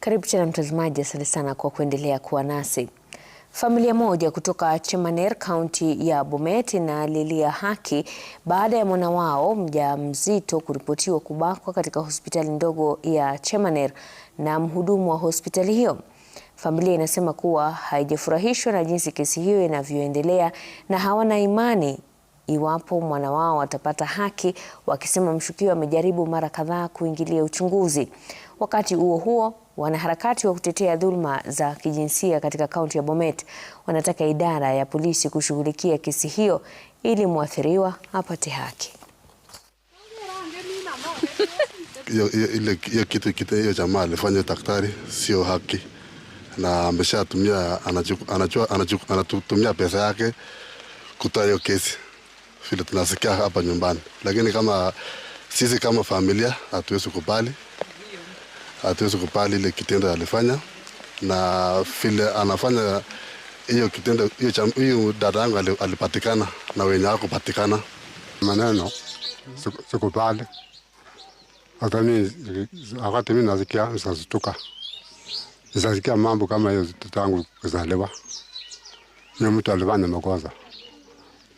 Karibu tena mtazamaji, asante sana kwa kuendelea kuwa nasi. Familia moja kutoka Chemaner, kaunti ya Bomet inalilia haki baada ya mwana wao mjamzito kuripotiwa kubakwa katika hospitali ndogo ya Chemaner na mhudumu wa hospitali hiyo. Familia inasema kuwa haijafurahishwa na jinsi kesi hiyo inavyoendelea na hawana imani iwapo mwana wao watapata haki, wakisema mshukiwa amejaribu mara kadhaa kuingilia uchunguzi. Wakati huo huo, wanaharakati wa kutetea dhuluma za kijinsia katika kaunti ya Bomet wanataka idara ya polisi kushughulikia kesi hiyo ili mwathiriwa apate haki. Hiyo kitu hiyo jamaa alifanya daktari sio haki, na ameshatumia anatumia pesa yake kutoa hiyo kesi vile tunasikia hapa nyumbani, lakini kama sisi kama familia hatuwezi kubali, hatuwezi kubali ile kitendo alifanya na vile anafanya hiyo kitendo. Hiyo dada yangu alipatikana na wenye hakupatikana, maneno sikubali. Wakati mi nasikia nisazituka, nisasikia mambo kama hiyo tangu kuzaliwa, ni mtu alifanya makosa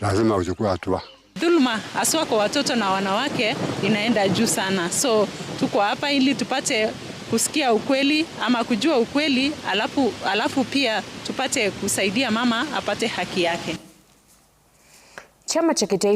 lazima uchukue hatua. Dhuluma haswa kwa watoto na wanawake inaenda juu sana, so tuko hapa ili tupate kusikia ukweli ama kujua ukweli, alafu, alafu pia tupate kusaidia mama apate haki yake. Chama cha kitaifa